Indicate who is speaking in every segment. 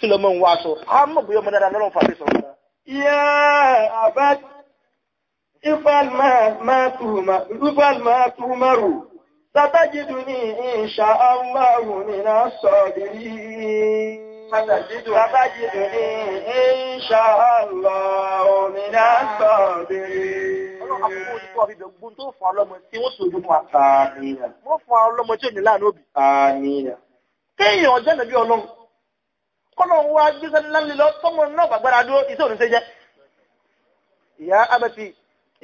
Speaker 1: kí ló mọ́ ń wá aṣọ a mọ̀ bóyá ọmọ dáadáa lọ́rùn fàbí sọ̀rọ̀ dáadáa. yẹ àbá ifal máa tu márù sátàjìdù ní ìṣà ọmọrù nínú sọ̀dìrí. sátàjìdù ní ìṣà Allah nínú sọ̀dìrí àkókò olùkọ́ àbíbẹ̀ gbogbo tó fún ọlọ́mọ tí wọ́n sì ojú fún wa. wọ́n fún ọlọ́mọ kéèyàn ọjọ́ nàbí ọlọ́run kọ́lọ̀n wá gbígbẹ́ lálẹ́ lọ tọ́mọ náà bàgbára dúró iṣẹ́ òní ṣe jẹ́ ìyá abẹ́tì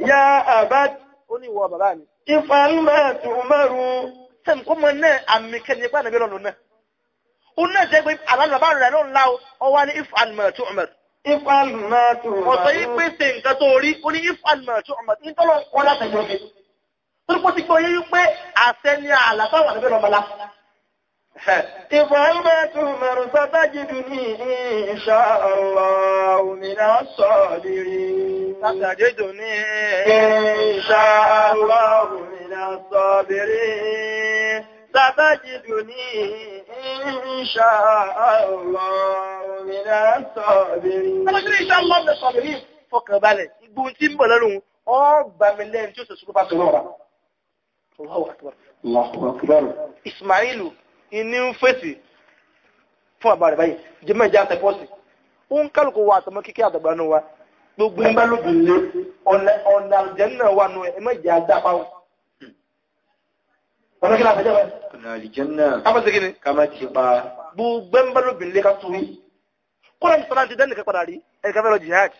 Speaker 1: ìyá abẹ́tì ó ní ìwọ bàbá mi ìfàlùmẹ́ẹ̀tù mẹ́rùn sẹ́mi kó mọ náà àmì kẹ́ni pé ànàbí lọ́nà náà ó náà jẹ́ pé àlànà bàbá rẹ̀ ló ń la ọ wá ní ìfàlùmẹ́ẹ̀tù mẹ́rùn ìfàlùmẹ́ẹ̀tù mẹ́rùn ọ̀sẹ̀ yìí pèsè nǹkan tó rí فتجدني إن شاء الله من الصابرين فتجدني إن شاء الله من الصابرين ستجدني إن شاء الله من الصابرين فتجدني إن شاء الله من الصابرين fọkàn balẹ̀ igbó tí ń bọ̀ lọ́rùn ọgbàmìlẹ́rin tí ó sọ súnmọ́ bá sọ lọ́rọ̀ Allahu Akbar Allahu Akbar Ismailu inú fèsì fún bàbá rẹ̀ báyìí jẹ́mọ̀ ìjà àtẹ̀pọ̀ sí ó ń kálukú wa àtọmọ kíkí àtàgbà nù wa gbogbo ń bá lóbi lé ọ̀nà àjẹ́ náà wà nù ẹ̀ mọ̀ ìjà àdá pa wọn. ni àtẹ̀jẹ́ wọn. ọ̀nà àjẹ́ náà ká má segin ni. ká má ti pa. gbogbo ń bá lóbi lé ká tu rí. kọ́lá fẹ́ lọ jihad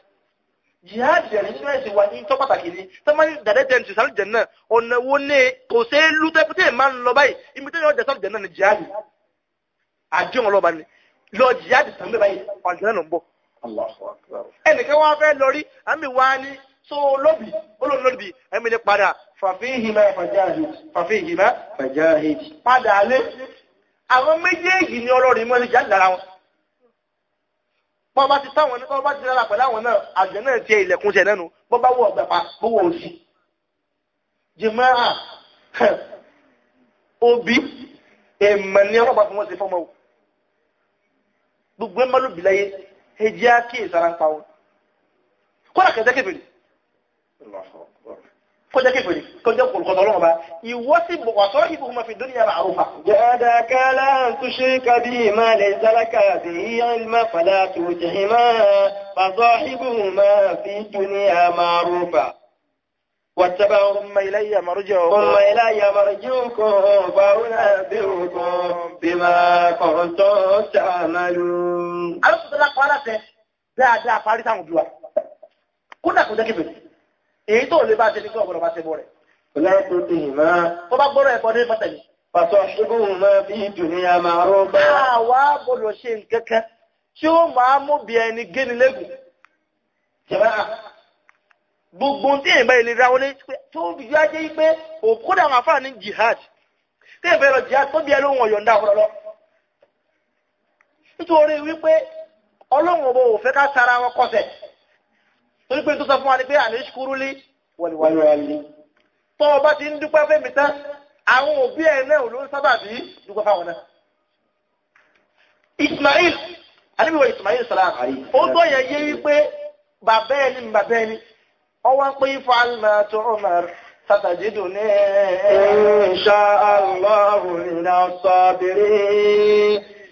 Speaker 1: jihad yẹn nínú ẹ̀sìn wa ní tó pàtàkì ni tẹ́lẹ̀ dàdẹ́ jẹun ti sálẹ̀ jẹun náà ọ̀nà wo ni kò ṣeé lú tẹ́pẹ́tẹ́ ń lọ báyìí ibi tẹ́lẹ̀ ọjà sálẹ̀ náà ni jihad àdéhùn ọlọ́ba ni lọ jìyà ti sàn bẹ́ẹ̀ ọ̀dùnà ló ń bọ̀. ẹnìkan wá fẹ́ lọ rí àmì wá ní tó lóbì olólóbì ẹ̀mí ni padà fàfihìmá fàjáhìd fàfihìmá fàjáhìd padà lé àwọn méjèèjì ni ọlọ́rin mọ́ ní jà lára wọn bọ́ba ti táwọn ní bọ́ba ti lára pẹ̀lú àwọn náà àjẹ́ náà ti ilẹ̀kùn ṣẹ̀ lẹ́nu bọ́ba wọ ọ̀gbẹ̀ pa òsì jìmọ́ à òbí èèmọ̀ ni ọlọ́pàá fún wọn ṣe fọ́mọ́ o gbogbo ẹ má ló bìláyé ẹ jẹ́ kí ìsara ń pa wọn kọ́ra kẹjẹ́ kẹfìrì kọjá kẹfìrì kọjá kọlùkọtọ ọlọ́run ọba ìwọ sí wà sọ́rọ́ ìbò máa fi dóníyà máa rúfa. jẹ́dá kálá tó ṣe kábí máa lè sálákà sí ìyálmà padà tó jẹ́ máa pàṣọ ìbò máa fi dóníyà máa rúfa. واتبعوا ثم إلي مرجعكم ثم إلي مرجعكم فأنبئكم بما كنتم يعملون أنا أقول لك وأنا أقول لا لا فارس عن جوا كنا كنا كيف èyí tó lè bá ṣe ní kí ọ̀gbọ̀rọ̀ bá ṣe bọ́ rẹ̀. láìpẹ́ tí ì máa. tó bá gbọ́rọ̀ ẹ̀kọ́ ní mọ́tẹ̀lẹ̀. pàṣọ ṣubú máa fi dunya ma'rufa. àwa gbọ́dọ̀ ṣe nǹkan kan tí ó máa mú bí ẹni gbogbo tí èyí bá ìlera wọlé tó bí yá jẹ́ pé òkúta àwọn afáàní jihad tí èyí jihad tó bí ẹ e lóhun ọ̀yọ̀ǹda ọ̀rọ̀ lọ. nítorí wípé ọlọ́run ọba ò ká sara wọn kọsẹ̀ torí pé tó sọ fún wa ni pé tó ọba ti ń dúpẹ́ àwọn òbí ẹ̀ náà ló ń sábà bí dúpẹ́ fáwọn náà. Ismail Ismail salam ó tó yẹ yé wípé bàbá ẹni bàbá ẹni pé Ifọ̀ tó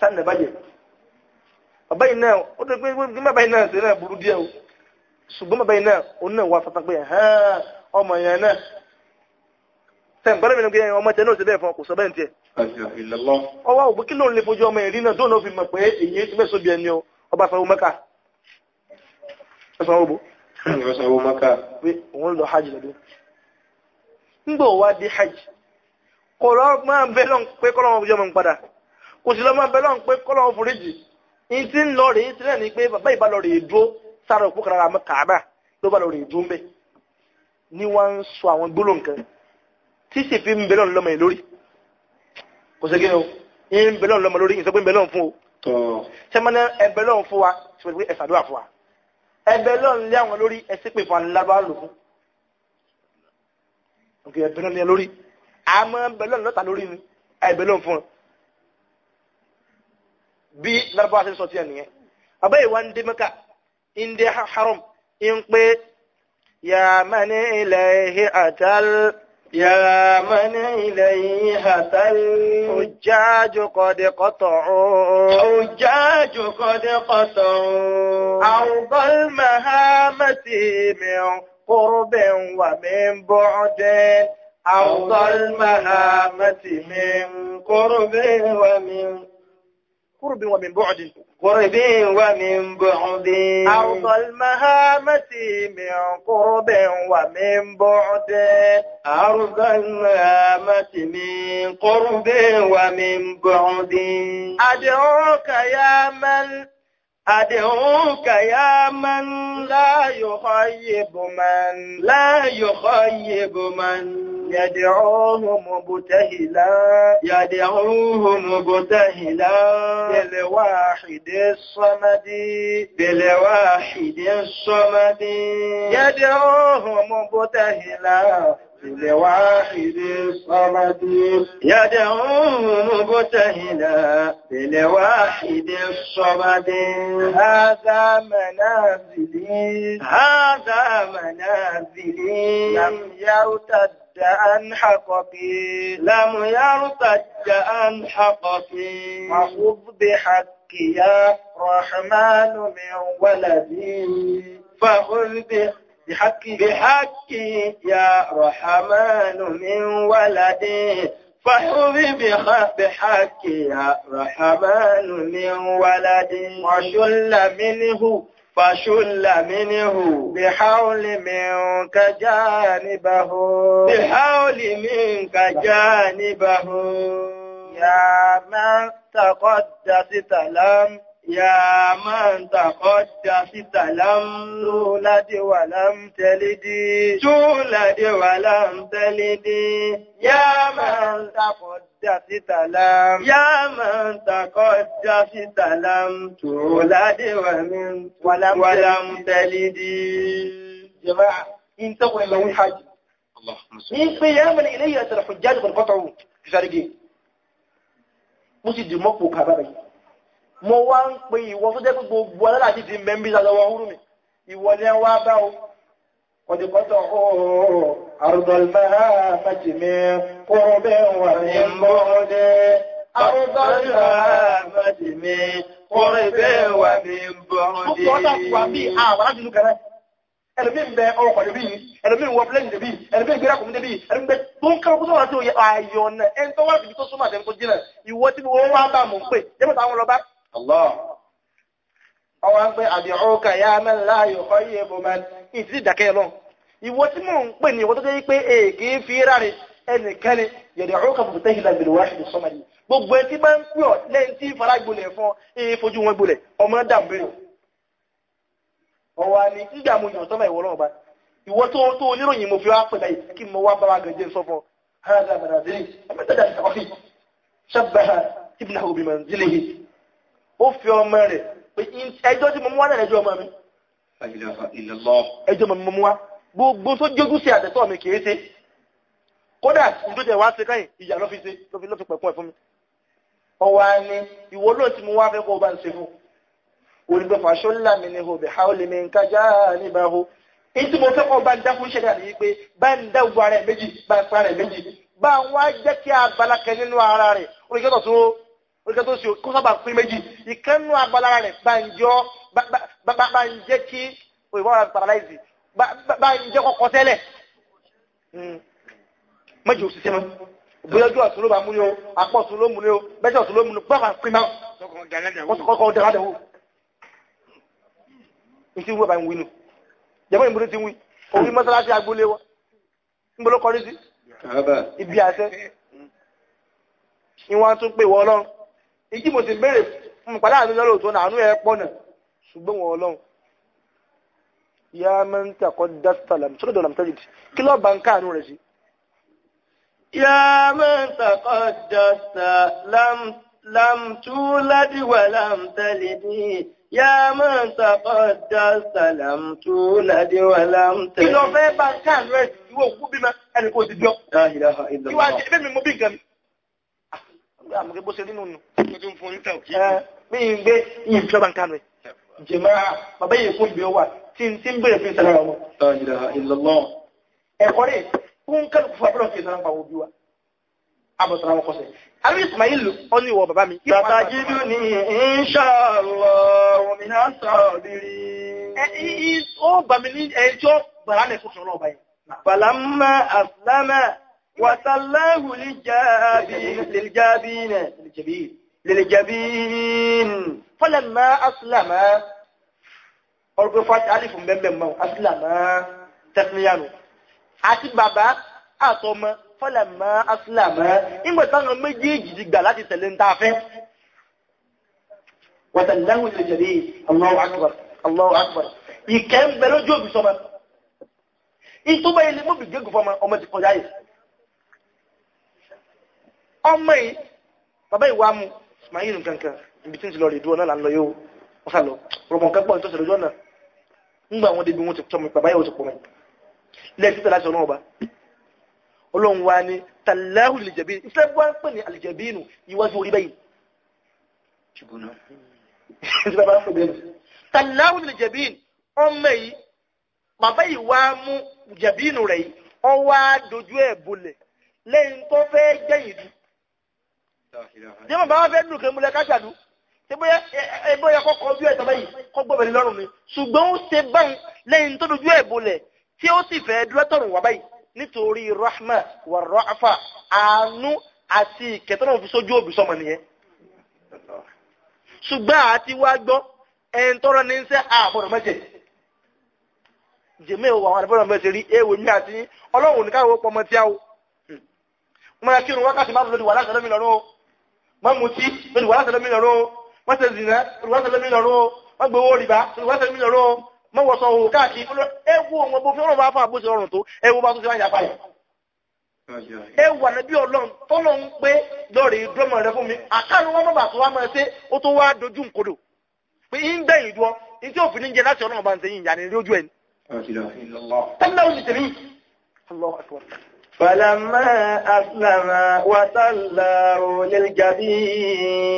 Speaker 1: sanni na bàbá yìí náà ó dé pé bí bàbá yìí náà ṣe o ṣùgbọ́n bàbá yìí na òun náà wà fata pé hàn ọmọ yẹn náà mi kò kí ló ń lè fojú rí fi pé èyí ti o ọba fẹ́ wo mẹ́ka ẹ sọ wọ́n bò. ẹ sọ wọ́n mẹ́ka. pé òun lọ hajj lọ́dún. ń gbọ́ wá dé hajj kọ̀ọ̀rọ̀ máa bẹ́ lọ́n pé kò sí lọ́mọ bẹ́ẹ̀ lọ́n pé kọ́lọ́n foríjì ní tí ń lọ rèé tí náà ni pé bàbá ìbá lọ rèé dúró sára òpó kan ara kàábà ló bá lọ rèé dúró ń bẹ̀ ni wọ́n ń sọ àwọn gbólóhùn kan tí sì fi ń bẹ́ẹ̀ lọ́n lọ́mọ yìí lórí kò sí kí ni o ń bẹ́ẹ̀ lọ́n lọ́mọ lórí ìsọ pé ń bẹ́ẹ̀ lọ́n fún o sẹ́mọ́nà ẹ̀bẹ̀ lọ́n fún wa ṣùgbọ́n ẹ ṣàdúrà fún wa ẹ̀bẹ̀ lọ́n lé àwọn lórí ẹ sì pè fún alábá lò fún ẹ̀bẹ̀ lọ́n lé lórí àmọ́ ẹ̀bẹ̀ lọ́n lọ́ta lórí ni ẹ̀bẹ̀ lọ́n fún ọ bí lárúbáwá ṣe ń sọ tí ẹ nìyẹn abẹ́ ìwà ń dé mẹ́ka ń dé haram ń pé yà má ní ilẹ̀ ihe àtàl. yà má ní ilẹ̀ ihe àtàl. òjájú kọ́dé kọ́tọ̀ ọ̀hún. òjájú kọ́dé kọ́tọ̀ ọ̀hún. àwùgọ́l mahamati wa kúrúbẹ̀ wà mí bọ́ọ̀dẹ́. àwùgọ́l mahamati mìíràn kúrúbẹ̀ قرب ومن بعد قرب ومن بعد أرض المهامة من قرب ومن بعد أرض المهامة من قرب ومن بعد أدعوك يا من أدعوك يا من لا يخيب من لا يخيب من يدعوه مبتهلا يدعوه مبتهلا بالواحد الصمد بالواحد الصمد يدعوه مبتهلا لواحد الصمد يدعو مبتهلا لواحد الصمد هذا منازلي هذا منازلي لم يرتد أن حققي لم يرتد أن حققي وخذ بحقي يا رحمن من ولدي فخذ بحقي بحق بحقي يا رحمن من ولدي فاحفظ بحق يا رحمن من ولدي وشل منه فشل منه بحول منك جانبه بحول منك جانبه يا من تقدست لم يا من تقدست لم تولد ولم تلد تولد ولم تلد يا من تقدست لم يا من تقدست لم تولد ومن ولم, ولم تلد جماعة انتقوا إلى من حاج اللهم صل إن قياما إلي الحجاج بالقطع في شرقي مسجد مقبو كبابي mo wá ń pe ìwọ tó jẹ́ pé gbogbo alálàájì ti mẹ́mbí sàlọ́wọ́ húrú mi ìwọ ni wá bá o wọ́n ti kọ́tọ̀ ooo àrùdọ̀lmá fàjì mi kúrò bẹ́ẹ̀ wà ní mọ́ọ́dé
Speaker 2: àrùdọ̀lmá
Speaker 1: fàjì mi kúrò bẹ́ẹ̀ wà ní mọ́ọ́dé. ó kọ́ ọ́ oh, oh, oh, dà wà bí àwọn alájùlù kẹrẹ ẹlòmí ń bẹ ọkọ̀ níbí ẹlòmí ń wọ plẹ́ẹ̀nì níbí ẹlòmí ń gbéra kùn níbí ẹlòmí ń bẹ tó ń Allah ọwọ́ ń pẹ́ àdìrúkà ya mẹ́lá yòókọ́ yìí bò mẹ́ ìtì ìdàkẹ́ lọ ìwọ tí mò ń pè ní ìwọ tó jẹ́ fi ráre ẹnìkẹ́ni yẹ̀dẹ̀ ọ̀rọ̀kà bùkún tẹ́yìn lágbèrè wá ṣùgbọ́n sọ́mà yìí gbogbo ẹ tí bá ń pè ọ́ lẹ́yìn tí fara gbolẹ̀ fún ẹ fojú wọn gbolẹ̀ ọmọ mo yàn sọ́mà ìwọ tó tó oníròyìn mo fi wá pè kí ó fi ọmọ rẹ̀ pé ẹjọ́ tí mo mú wá náà ẹjọ́ ọmọ mi ẹjọ́ mi mo mú wá gbogbo tó jogún sí àtẹ̀tọ́ mi kìí ṣe kódà ìdójẹ wá ṣe káyìn ìyà ló fi ṣe ló fi ló fi pẹ̀kún ẹ̀ fún mi ọwọ́ ni ìwọ lóò tí mo wá fẹ́ kó o bá ń ṣe fún olùgbé fàṣọ ńlá mi ni hobè ha ó lè mi nǹkan já níbà ho èyí tí mo fẹ́ kó o bá ń dá fún ṣẹ̀dá nìyí pé bá ń dá gbogbo ara ẹ̀ méjì bá ń pa ara ẹ̀ méjì bá ń wá jẹ́ kí abala kẹ nínú ara rẹ̀ oníkẹ́tọ̀ tó oríkẹ́ tó ṣe kó sábà pín méjì ìkẹ́nu agbálára rẹ̀ bàǹjọ́ bàǹjẹ́ kí òyìnbó ara paralyze bàǹjẹ́ kọ́kọ́ tẹ́lẹ̀ hmm. méjì ò ṣiṣẹ́ mọ́ bóyá ojú ọ̀tún ló bá mú ni o apọ̀ ọ̀tún ló mú ni o bẹ́tẹ̀ ọ̀tún ló mú ni gbọ́dọ̀ pín máa kọ́kọ́ dáadáa wò ní tí wọ́n bá ń wí nù jẹ́mọ́ ìmúrí ti wí orí mọ́sálásí agbólé wa ń bọ́ ló kọrí sí ibi àṣẹ ìwọ̀n tún pè wọ́ ọlọ́run ìjí mo sì béèrè fún mi pàdánù lọ́rọ̀ tó nàánú ẹ pọ̀nà ṣùgbọ́n wọn ọlọ́run ya man taqaddas salam sọ́dọ̀ dọ̀làm tajid kí lọ́ọ́ bá ń káànú rẹ̀ sí. ya man taqaddas salam lam túládì wà lam tẹ́lẹ̀dì ya man taqaddas salam túládì wà lam tẹ́lẹ̀dì. kí lọ fẹ́ bá ń káànú rẹ̀ sí ìwọ òkú bímọ ẹnì kò ti jọ. ìwà àti ẹgbẹ́ mi mo bí nǹkan mi. Ah, àmì bó ṣe nínú nù tuntun fún ní tàùkì. bí n gbé yìí tí ọba ń kánú ẹ bàbá yìí kún bí ó tí n tí ń bèrè fún ìsàlẹ̀ ọmọ. ẹ̀kọ́ rẹ̀ fún kálukú fún abúlọ̀ kì í sọ̀rọ̀ pàwọ́ bí wa abọ̀sọ̀rọ̀ àwọn kọsẹ̀. àbí Ismail ó ní ìwọ bàbá mi. bàbá jídú ni inṣàlọ òmìnira sọ̀bìrì. ó bà mí ní ẹjọ́ gbàrà lẹ̀ fún ìṣọ̀rọ̀ ọba yẹn. bàlámà àfúlámà wàtàláhùn lè jábí nẹ̀. للجبين فلما أسلم أرجو فات ألف مبم مو أسلم تسميانو àti bàbá àtọmọ fọlẹmọ asílámọ ìgbà táwọn méjèèjì ti gbà láti tẹ̀lé ń tá a fẹ́. wàtàláhùn lè jẹ̀lé Allahu akbar Allahu akbar ìkẹ́ ń bẹ lójú òbí sọmọ ìtúbọ̀ ilé mọ́bì gégùn fọmọ ọmọ ti kọjá yìí ọmọ yìí bàbá ìwà mu ismail nkankan ibi tí ń ti lọ rè dúró náà là ń lọ yóò wọ́n sá lọ rọmọ nǹkan pọ̀ nítorí lójú ọ̀nà ńgbà wọn débi wọn ti tọ́ mi bàbá yẹn ò ti pọ̀ mi lẹ́yìn títà láti ọlọ́run ọba ọlọ́run wa ni tàlẹ́hù lìjẹ̀bí islam wa ń pè ní àlìjẹ̀bí nù ìwájú orí bẹ́yìí tàlẹ́hù lìjẹ̀bí ọmọ yìí bàbá yìí wá mú jẹ̀bí nù rẹ̀ yìí ọ wá dojú ẹ̀ bolẹ̀ lẹ́yìn tó fẹ́ jẹ́yìn dùn ní ọmọ bàbá fẹ́ dùn kẹ́mú lẹ́ka ṣàdú ẹgbẹ́ kọ́kọ́ bí ẹ̀tọ́ báyìí kọ́ gbọ́bẹ̀rẹ̀ lọ́rùn ni ṣùgbọ́n ó ṣe báyìí lẹ́yìn tó dojú ẹ̀ bolẹ̀ tí ó sì fẹ́ dúrẹ́tọ̀rùn wà báyìí nítorí rahma wà rọ́fà àánú àti ìkẹtọ́nà fi sójú òbí sọmọ nìyẹn ṣùgbọ́n àti wá gbọ́ ẹn tọ́rọ ní sẹ́ àbọ̀rọ̀ mẹ́jẹ̀ jẹ́mẹ́ òwò àwọn àbọ̀rọ̀ mẹ́jẹ̀ rí ewé mi àti ọlọ́run ní káwọ́ pọmọ tí a ó mọ́ra kírun wákàtí márùn lórí wà láti ọ̀dọ́ mi lọ́rùn o má mutí olùwàlásẹ̀lẹ̀ mílíọ̀n ró má ṣe zìnà olùwàlásẹ̀lẹ̀ mílíọ̀n ró má gbowó rìbá olùwàlásẹ̀lẹ̀ mílíọ̀n ró má wọ̀sọ òwò káàkiri ewu òun bó fi ọ̀rọ̀ bá fún àbóṣe ọ̀rùn tó ewu bá tó fi wáyà fáyà. ewu ànábí ọlọ́run tọ́lọ́ ń pé lọ́ọ̀rì dúrọ́mọ rẹ fún mi àkàrùn wọn bàbà tó wá máa ṣe ó tó wá dojú nkodo pé ń gbẹ̀yìn dúọ́ ní tí òfin ń jẹ láti ọlọ́run bá ń ṣe yìnyín yàrá ní lójú ẹni. tẹ́lẹ̀ ó sì Fàlámà àsìlámà wàtàlà olèlgàbí.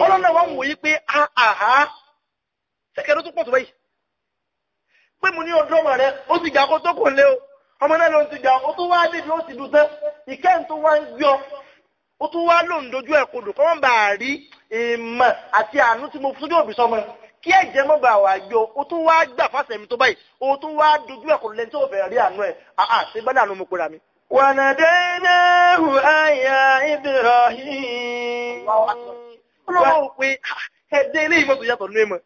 Speaker 1: Ọlọ́run náà wọ́n mú yí pé àhà ah, ah, ah. ṣẹ́kẹ̀rẹ́ tó pọ̀ báyìí. Pé mo ní ọdún ọmọ rẹ̀, ó sì gà kó tó lé o. Ọmọ náà ló ti gà, ó tó wá débi ó sì dùn tán. tó wá ń yọ, ó tó wá lòun dojú ẹ̀ kodò kọ́ Kí ẹ̀jẹ̀ mọ́ bá wà yọ, ó tó wá gbà fásẹ̀mí tó báyìí, ó tó wá dojú ẹ̀ lẹ́ni tó fẹ́ rí àánú ẹ̀. Àà ṣe bá dànù mo pera mi. وَنَدَيْنَاهُ آيَا إِبْرَاهِيمَ Ọlọ́run pé ẹ̀dẹ́ ha, ìmọ̀ tó yàtọ̀ ní ẹmọ̀.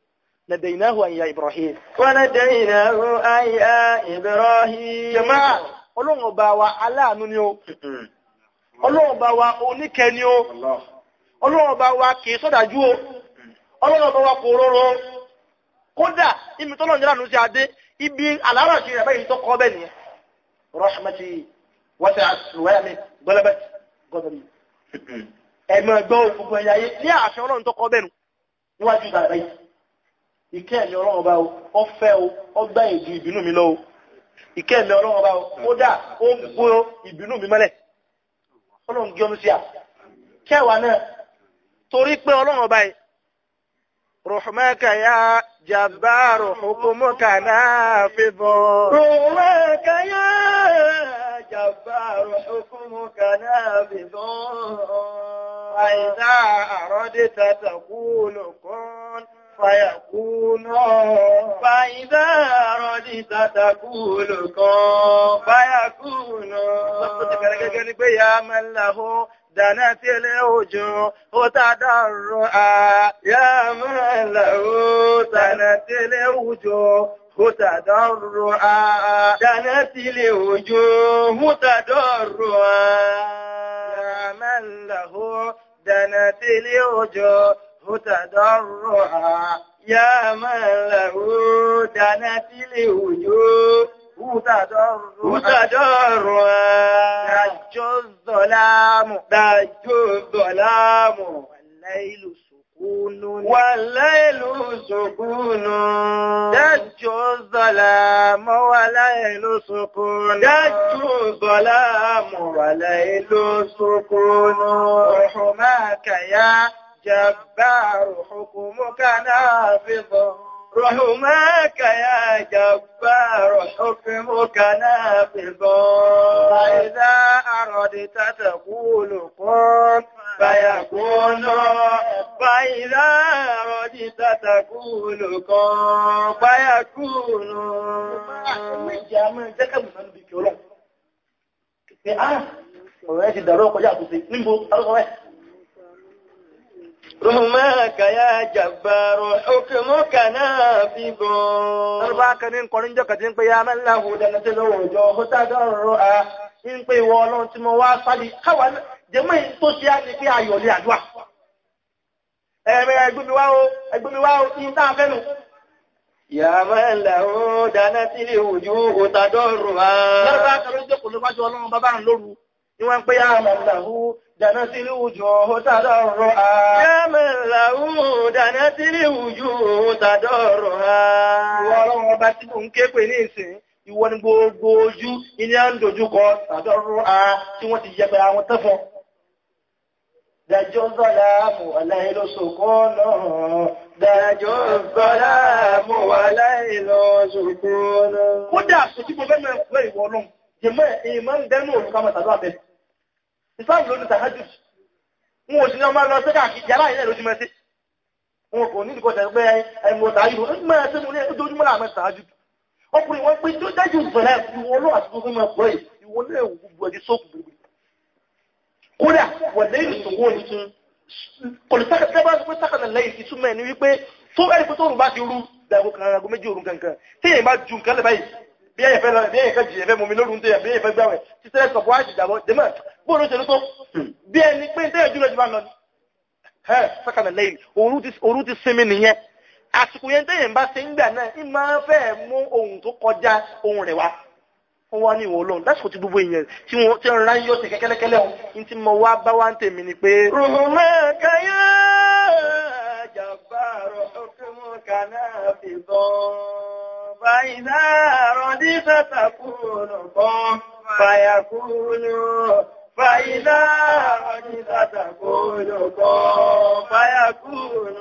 Speaker 1: Nàdẹ̀yìnáhù àyà Ibrahim. Wọ́nàdẹ̀yìnáhù àyà Ibrahim. Jàmáà, ọlọ́run ọba wa aláàánú ni ó. Ọlọ́run ọba wa oníkẹ ni ó. ibi ibi báyìí tó nìyẹn. وسعت سلوامه غلبت غضبي ẹ máa gbọ́ ògbogbo ẹ̀yà ayé ní àṣẹ ọlọ́run tó kọ bẹ́nu níwájú bàbá yìí ìkẹ́ ẹ̀mí ọlọ́run ọba o ọ fẹ́ o ọ gbá ìdí ìbínú mi lọ o ìkẹ́ ẹ̀mí ọlọ́run ọba o ó dà ó ń gbó ìbínú mi mọ́lẹ̀ ọlọ́run gé omi sí à kẹwàá náà torí pé ọlọ́run ọba yìí rùhùmẹ́kà yá jàbá rùhùkùmọ́kà náà fi bọ̀ rùhùmẹ́kà yá. الجبار حكمك نافذ فإذا أردت تقول كن فيكون فإذا أردت تقول كن فيكون يا من له دنت الوجوه تضرعا يا من له دنت الوجوه متدرعا دنت الوجوه متدرعا يا من له دنت الوجوه متدرعا يا من له دنت الوجوه متدرعا دج الظلام دج الظلام والليل سكون والليل سكون دج الظلام والليل سكون دج الظلام والليل سكون حماك يا جبار حكمك نافذ رحمك يا جبار حكمك نافذ فإذا أردت تقول قم فيكون فإذا رجت تقول كن فيكون Ọ̀rẹ́ ti dàrọ ọkọ̀ yàtò sí nígbò alọ́kọ̀ọ́rẹ́. رحمك يا جبار حكمك نافذ رباك من قرن جوك دين يا من له دنت الوجوه تضرعا إن قوى لون تموا صدي jẹ́mọ́ èyí tó ṣe á ní pé ayọ̀lẹ̀ àdúrà ẹ̀rẹ̀ ẹgbẹ́miwá o ẹgbẹ́miwá o ní tá a fẹ́ nù. yàmọ́ ẹ̀lẹ̀ ó dáná sí ilé òjú òtàdọ́rù wa. lọ́dọ̀ bá kàró jókòó ló wájú ọlọ́run bàbá ń lóru ni wọ́n ń pé yàmọ́ ẹ̀lẹ̀ ó dáná sí ilé òjú òtàdọ́rù wa. yàmọ́ ẹ̀lẹ̀ ó dáná sí ilé tí mò ń ké ní ìsìn ìwọ gbogbo ojú ilé à ń dojúkọ tàdọ́rù wa tí wọ́n ti yẹpẹrẹ àwọn tẹ́fọn. دج الظلام والليل سكون دج الظلام والليل سكون kódà kò tí mo fẹ́ mẹ́rin fún ìwọ ọlọ́run jẹ́mọ́ ìmọ̀ ń dẹ́nu òun ká máa tàbí abẹ́ ìsáàbù ló ní tàhájù wọn ò sí ní ọmọ lọ sí káàkiri yàrá ìlẹ̀ lójú mẹ́sí wọn kò ní ìdíkọ̀ tẹ̀ pé ẹ̀mọ̀ tàájú ó mú ní ojoojúmọ́ láàmẹ́ tàájú ọkùnrin wọn pé tó dájú ìfẹ̀lẹ́ ọlọ́run àti gbogbo ìmọ̀ ẹ̀kọ́ yìí ìwọ náà gbogbo kódà wà lẹ́yìn ìṣòwò nìkan kọ̀lùsákàtàbàtàbà sákàtà lẹ́yìn ìtumọ̀ ẹni wípé tó ẹni pé tóòrùn bá ti rú dàgbò kan àgọ́ méjì òrùn kankan tí èyàn bá ju nǹkan lẹ́bàá yìí bí ẹ̀yẹ̀ fẹ́ lọ bí ẹ̀yẹ̀ fẹ́ jì ẹ̀fẹ́ mọ̀mí lórun tẹ̀yà bí ẹ̀yẹ̀ fẹ́ gbàwẹ̀ tí sẹ́lẹ̀ sọ̀fọ́ àjì dàbọ̀ dèmọ̀ bóun ló ṣe ló tó bí ẹni pé tẹ́yẹ̀ jùlọ jù bá lọ sákàtà lẹ́yìn òru ti sinmi nìyẹn àsìkò yẹn tẹ́yẹ̀ bá ṣe ń gbà náà ń máa fẹ́ mú ohun tó kọjá ohun rẹ̀ wá wọ́n wá ní ìwọ̀n ọlọ́run lásìkò tí gbogbo èèyàn tí wọ́n tí ń yọ sí kẹ́kẹ́lẹ́kẹ́lẹ́ ohun tí mo wá bá wá ń tèmi ni pé. rùmọ̀ kẹyà jàbàrọ̀ ọkùnrin kaná fi bọ́ fàyínà rọ̀dí sàtàkùn ọ̀gbọ́n fàyàkùn fàyínà rọ̀dí sàtàkùn ọ̀gbọ́n fàyàkùn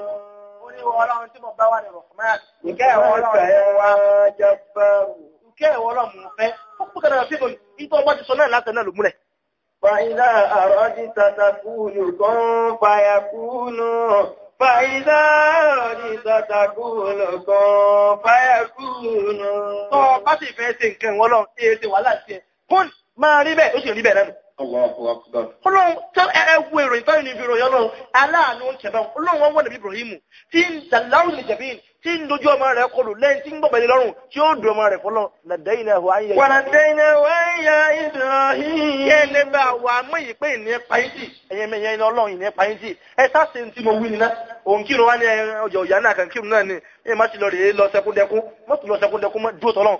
Speaker 1: oníwọ̀ ọlọ́run tí mo bá wà ní rọ̀kùnmá ìkẹ́ ìwọ̀ ọlọ́run ìkẹ́ fẹ́ kẹ́rẹ̀ àfihàn ní tó ọba ti sọ náà látẹ̀ náà ló múlẹ̀. fàìlà àrọ́jì tata kúlù kan fàyà kúlù fàìlà àrọ́jì tata kúlù kan fàyà kúlù. tó ọba sì fẹ́ ṣe nǹkan ìwọ́lọ́ ọlọ́run tẹ́ ẹwọ ìròyìn báyìí ní ibi ìròyìn ọlọ́run aláàánú ń tẹ̀bẹ̀ ọlọ́run wọn wọ̀nà bí Ibrahim tí ń dàláwù lè jẹ̀bi tí ń dojú ọmọ rẹ̀ kọlù lẹ́yìn tí ń gbọ̀gbẹ̀ ní lọ́rùn tí ó dùn ọmọ rẹ̀ fọlọ́ lẹ́dẹ̀yìn náà wà ń yẹ. wàlàdẹ́yìn náà wà ń yẹ Ibrahim. yẹ ẹ lẹ́bà wà mọ̀ yìí pé ìní ẹ̀pá yín tì ẹ̀yẹ mẹ́yẹ iná ọlọ́run ìní ẹ̀pá yín tì ẹ sá sí ti mo wí ni náà òun kírun wá ní ọjà òyà náà kàn kírun náà ni ẹ má ti lọ rèé lọ sẹkúndẹkún mọ́tò lọ sẹkúndẹkún mọ́ dúró tọ́lọ́run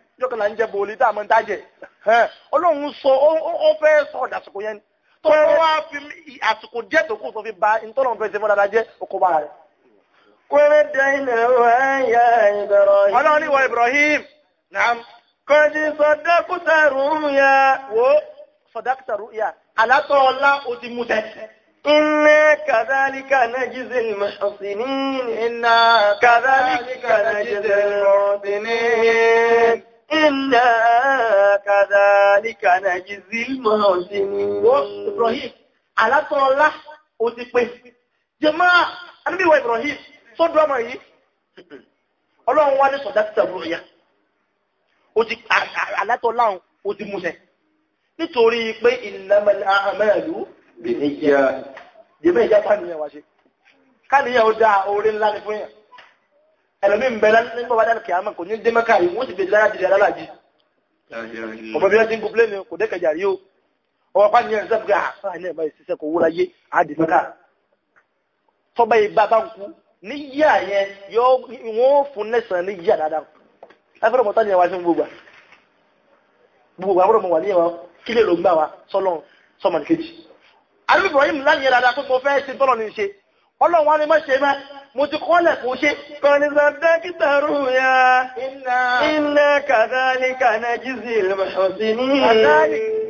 Speaker 1: yọkàn là ń jẹ bòólì tá a mọ̀ ń dájẹ́ ọlọ́run sọ ó fẹ́ sọ ọ̀dàsùkò yẹn tó wá fi àsìkò díẹ̀ tó kù tó fi ba ìtọ́lọ́run fẹ́ fún dáadáa jẹ́ okò bára rẹ̀. kúrẹ́ dẹ́yìnà ẹ̀yà Ibrahim. ọlọ́run ní ìwọ Ibrahim naam. kọjú sọdákùtà rúùyà. wo sọdákùtà rúùyà alátọ̀ ọlá o ti mú tẹ́. إنا كذلك نجزي المحسنين إنا كذلك نجزي المحسنين Inna kadhalika najzi al-muhsinin. Wọ́n Ibrahim, alásán ọlá, ó ti pé. Jẹmọ́ Anábíwọ̀ Ibrahim, tó dọ́mọ̀ yìí, ọlọ́run wá ní sọ̀dá títà wúrò yá. Ó ti ti múṣẹ. Nítorí pé innamal a'malu bin niyyah. Jẹ́mọ́ ìjápá nìyẹn wá ṣe. Káníyàn ó ẹlòmí ń bẹ̀rẹ̀ nígbà wájà kì á mọ̀ kò ní dé yìí wọ́n sì bèèrè láyà jìrì alálàjì ọmọ bí wọ́n ti ń gúnplé ni ah, kò dẹ́kẹ̀ jàrí o ọmọ pa ní ẹ̀sẹ̀ gbà fáà ní ẹ̀bá ìṣiṣẹ́ kò wúra yé àdì mẹ́ka tọ́ba ìbá bá ń kú ní yíyà yẹn wọ́n fún lẹ́sàn ní yíyà dáadáa láfẹ́rẹ́ mọ́tá ni ẹ̀wá sí gbogbo gbogbo àbúrò mọ̀ wà ní ẹ̀wá kí lè ló gbà wá sọ́lọ́ sọ́mọ̀nì kejì àdúgbò Ibrahim láyé dáadáa pé mo ti kọ́lẹ̀ kò ṣe kọ́nìsà dákítà rúyà iná kàdálíkà náà jízi ìlẹ̀mọ̀ṣọ̀sí ní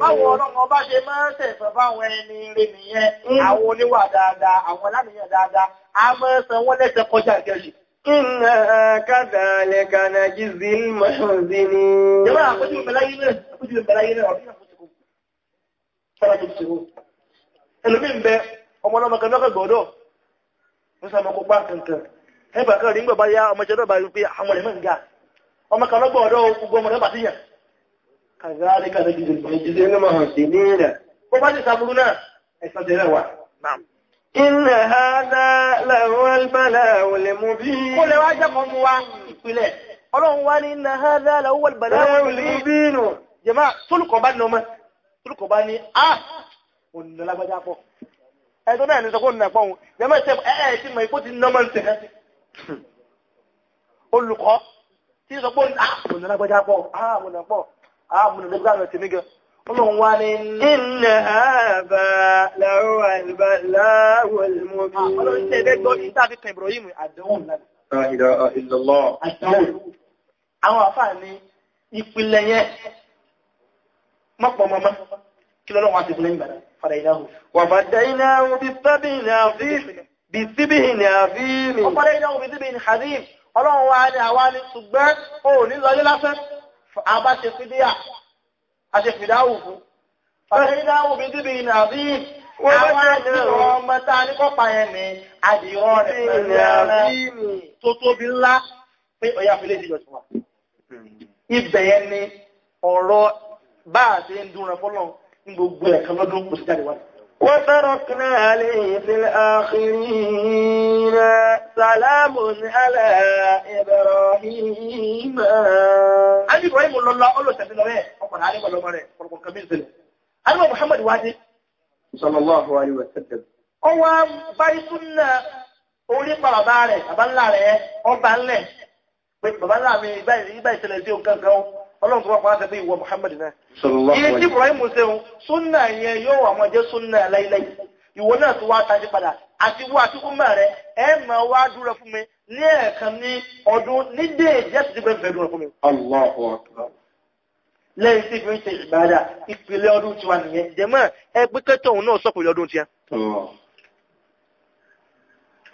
Speaker 1: Báwo ọlọ́run ọba ṣe máa ń tẹ̀fẹ̀ báwọn ẹni rẹ̀ nìyẹn, àwọn oníwà dáadáa, àwọn alámìyàn dáadáa, a náà jízi wọ́n sá máa kópa kankan ẹgbà kan rí gbọ̀bá yá ọmọ ìṣẹ́dọ̀ bá rí pé àwọn ẹ̀mọ́ ìgá ọmọ kan lọ́gbọ̀ ọ̀dọ́ gbogbo ọmọ lọ́bàá síyàn kàzárí kàzárí ìjìdé ní máa ṣe ní rẹ̀ ó bá ti sàbúrú náà mubin. Kó lè wá jẹ́ kan mú wá ìpìlẹ̀. Ọlọ́run wá ní inna hadha lahul bala'ul mubin. Jẹ̀má, tólùkọ̀ bá ní ọmọ, tólùkọ̀ bá ní, ah, òun lọ́lágbájá pọ̀ ẹ̀tọ́ náà ní sọ fóònù nàpọ̀ òun jẹ́mọ́ ìṣẹ́ ẹ̀ẹ́ tí mọ̀ ipò ti nọ́mọ ní olùkọ́ tí sọ pé ààbò nínú agbẹ́jà pọ̀ ààbò ah, nínú pọ̀ ah, ààbò ah, ní ìpìlẹ̀ yẹn mọ́pọ̀ mọ́mọ́ kí lọ́lọ́wọ́ àti ìfúnlẹ̀ ìgbàdà fara ìdáhù. wà bá dá iná ohun bí sábì ní àfíìsì bí síbì ní àfíìsì. ọ̀pọ̀lẹ̀ iná ohun bí síbì ní àfíìsì ọlọ́run wa ni àwa ni ṣùgbọ́n o ní lọlé lásán àbá ṣe fi díà a ṣe ọ̀rọ̀ bá àti ń dúnra fọ́lọ́run ní gbogbo ẹ̀ kan lọ́dún kò sí jáde wá. وتركنا عليه في الآخرين سلام على إبراهيم أجي إبراهيم الله أولو سبيل الله أقول عليه ولا مرة أقول كمين سلم أنا محمد وادي صلى الله عليه وسلم ọwọ́ báyìsúnà orí pa bàbá rẹ̀ bàbá ńlá rẹ̀ ọba ńlẹ̀ pé bàbá ńlá mi báyìí ìṣẹ̀lẹ̀ sí òun kankan ọlọ́run tó wá pàá tẹ́fẹ́ ìwọ Muhammad náà iye tí Ibrahim sẹ́hun súnà yẹn yóò wà mọ́ jẹ́ súnà láíláí ìwọ náà tó wá tají padà àti wọ àti kúmọ̀ rẹ ẹ mà wá dúró fún mi ní ẹ̀ẹ̀kan ní ọdún ní déèjì ẹ̀sìn tí bẹ́ẹ̀ dúró fún mi. lẹ́yìn tí ìpínlẹ̀ ìbáradà ìpínlẹ̀ ọdún tiwa nìyẹn jẹ́mọ́ ẹgbẹ́kẹ́tọ̀ òun náà sọ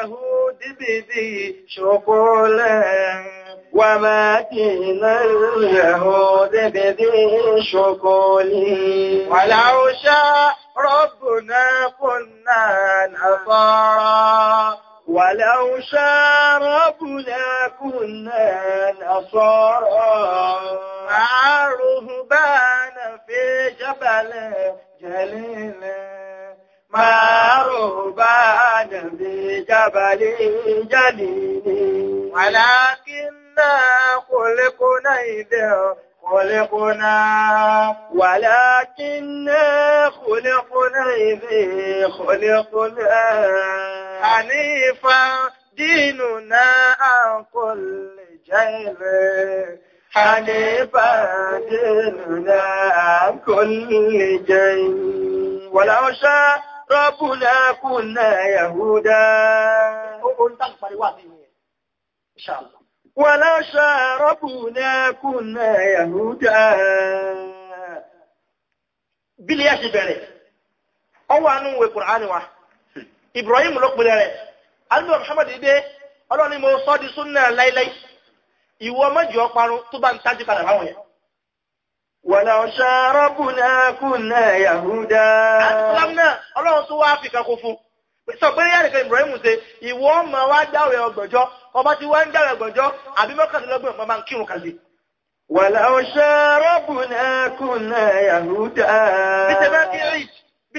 Speaker 1: اليهود بذي شكلا وما دين اليهود بذي شكول ولو شاء ربنا كنا نصارى ولو شاء ربنا كنا نصارى مع رهبان في جبل جليل ما رهبان بجبل جليل ولكننا خلقنا إذا خلقنا ولكننا خلقنا إذا خلقنا حنيفا ديننا عن كل جهل حنيفا ديننا عن كل جهل ولو شاء ربنا كنا يهودا ولا شاء ربنا كنا يهودا bílé ẹ̀ṣì bẹ̀rẹ̀ ọwọ́ anú ìwé kùránì wa Ibrahim ló pèlè rẹ̀ alùpùpù Muhammad dé ọlọ́ni mo sọ́ di súnnà láíláí ìwọ mẹ́jọ parun tó bá ń tájú padà báwọn yẹn Wàlá ọ̀ṣà rọ́bùnà kùnà Yahuda. Àtìsọ́lámùnà ọlọ́run tó wá fi kakó fún. Sọ pé yára ìfẹ́ Ibrahim ṣe, ìwọ ọmọ wa dáwẹ̀ ọgbọ̀njọ́, ọba ti wá ń dáwẹ̀ ọgbọ̀njọ́, àbí mọ́kànlélọ́gbọ̀n Wàlá ọ̀ṣà rọ́bùnà kùnà Yahuda. Bí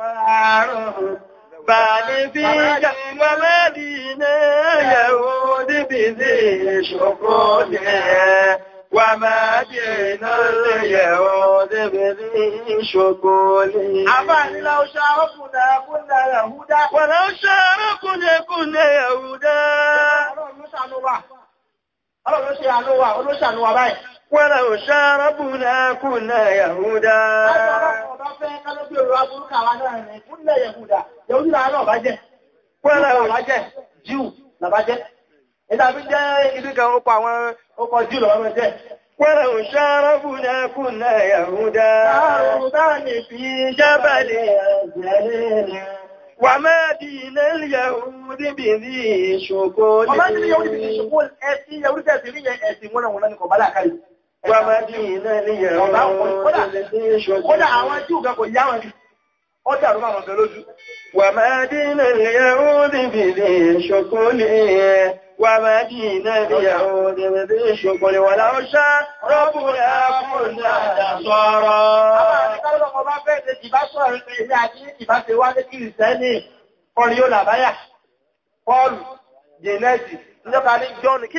Speaker 1: أعمارهم بالبيك ومدينة يهود بذي شكونها وما دين اليهود بذي شكونها أفن لو شاركنا كنا يهودا ولو شاركنا كنا يهودا Ọlọ́run ṣe àlọ́wà, olóṣàlọ́wà báyìí. Wọ́n lọ ṣàrọ́bùnà kùnà Yahúdá. Ọlọ́run fẹ́ kálọ́gbé ọ̀rọ̀ agbórúkà wa náà rẹ̀ fúnlẹ̀ yẹ̀kúdà yẹ̀wúdí làwọn náà bá jẹ́ fúnlẹ̀ náà bá jẹ́ jíù làbá jẹ́ ìdàbí jẹ́ ibi kan ó pa àwọn ọkọ̀ jíù lọ́wọ́ jẹ́ Wọ́n ò ṣáràbù náà kù náà yẹ̀húdá. Àwọn bá ní fi jábàlẹ̀ ẹ̀jẹ̀ Wà máa di ilẹ̀ Yahudi bí ní ìṣòkó lè. Ọmọ ìdílé Yahudi bí ní ìṣòkó ẹ̀sìn Kódà àwọn Júù gan kò yá wọn ní, ó dàrú máa wọn gan lójú. Wà máa dínà ní ẹ̀rùn dìbìdì ṣokó ní ẹ̀. Wà máa dínà ní ẹ̀rùn dìbìdì ṣokó ní wà láwọ́ ṣá rọ́bù ẹ̀kùnrin àdàsọ́rọ̀. Àwọn àríkàlọ́ ọmọ bá fẹ́ ṣe jìbá sọ̀rọ̀ ilé àti ìbá ṣe wá ní kìrìsẹ́nì, kọrin yóò làbáyà. Pọ́ọ̀lù, Jẹ́nẹ́sì, ìjọba ní Jọ́ọ̀nù, kí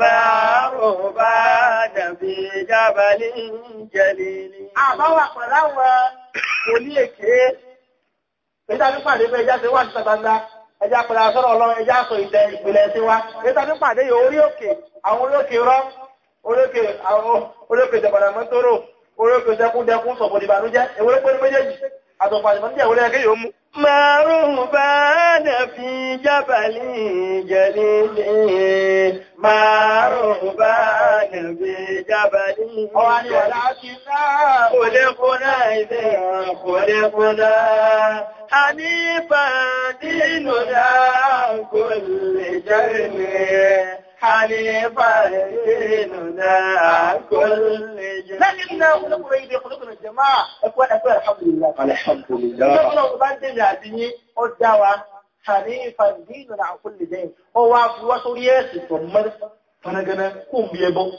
Speaker 1: báàrò bá dàbí jábálí jẹlìlì. Àbáwà pẹ̀láwọ̀ olí èké, ẹjá ní pàdé pé ẹjá ti wà ní sàgbàgbà, ẹjá pẹ̀lá sọ́rọ̀ ọlọ́run ẹjá sọ ìtẹ̀ ìpìlẹ̀ sí wa. Ẹjá ní pàdé yóò orí òkè, àwọn orí òkè rọ́, orí òkè àwọn orí òkè jẹ̀bọ̀dà mọ́tòrò, orí òkè jẹkúndẹkún sọ̀bọ̀dìbànújẹ́, èwo ló pé ní méjèèjì, àtọ̀pàdé mọ́ ما رهبان في جبل جليل ما رهبان في جبل ولكننا خلقنا إذا خلقنا حنيفا ديننا كل جرم حليفا لنا كل جميع لكننا خلقنا إذا خلقنا الجماعة أكوان أكوان الحمد لله الحمد لله خلقنا وبعد ذلك الدواء حليفا ديننا عن كل دين هو وصول ياسي ثمر فنقنا كم بيبو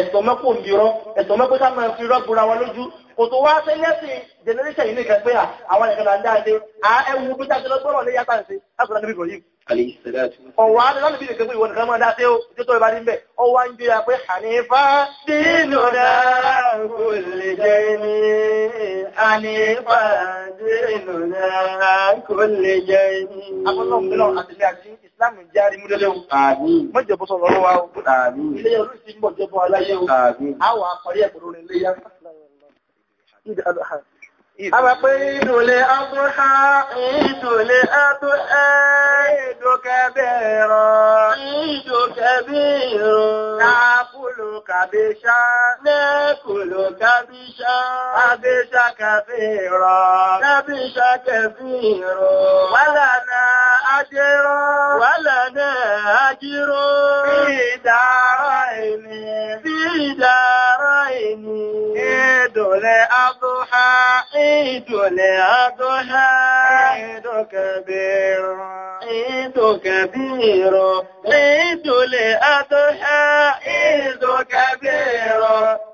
Speaker 1: ẹ̀tọ́ mẹ́kùn ìrọ́ ẹ̀tọ́ mẹ́kùn sáàmà fi rọ́gbùra wọn lójú kò tó wá sí lẹ́sìn generation yìí nìkan pé àwọn ẹ̀kọ́ là ń dáadé ẹwù bí Ọwọ́ adọ́lọ́nà bí ìrìnkẹ́ fún ìwọ̀n kan máa dá sí ó, ìjọ́tọ̀ ìbá ní bẹ̀. Ọwọ́ ń jíra pé Hànífà dínú náà kò lè jẹ́ ní. Hànífà dínú náà kò lè jẹ́ ní. Akọ́lọ́mùdọ́lọ́ àti ilé àti Àbà pé ìdòlẹ̀ àtúhá, ìdòlẹ̀ àtúhá, ìdòkẹ́ bẹ̀rọ, ìdòkẹ́ bẹ̀rọ, káàkùlù kàbíṣá, lẹ́kùlù kàbíṣá, kàbíṣá kẹfìrọ, kàbíṣá kẹfìrọ, wàlànà àjírọ, wàlànà ìní, bí ìní, ìdòlẹ̀ àtúhá, عيد لأضحى عيد كبير عيد كبير عيد لأضحى عيد كبير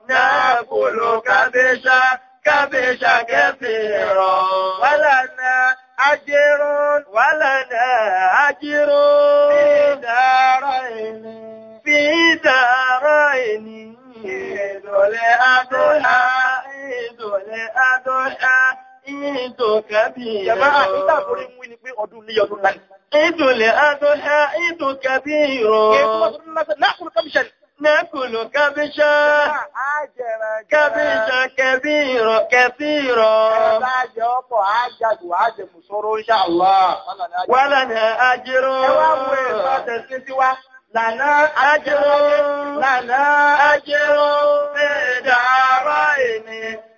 Speaker 1: نأكل كبشا كبشا كثيرا ولنا أجر ولنا أجر في دارين في دارين ìdò kàbí ìrọ̀. Yàbá àìtàbórí mú ní pé ọdún ní ọdún láì. Ìdò lè àtọ́ ha ìdò kàbí ìrọ̀. Nàkùlù kàbíṣà. Kàbíṣà kẹbí ìrọ̀ kẹbí ìrọ̀. Ẹ̀bá àjẹ́ ọkọ̀ àjàgù àjẹ́ mùsọ́rọ̀ insha Allah. Wàlá ni àjírò. Ẹwà wo ẹ̀sọ́ tẹ̀sí sí wá. Lànà àjírò. Lànà àjírò. Bẹ́ẹ̀ dàárọ̀ ènìyàn.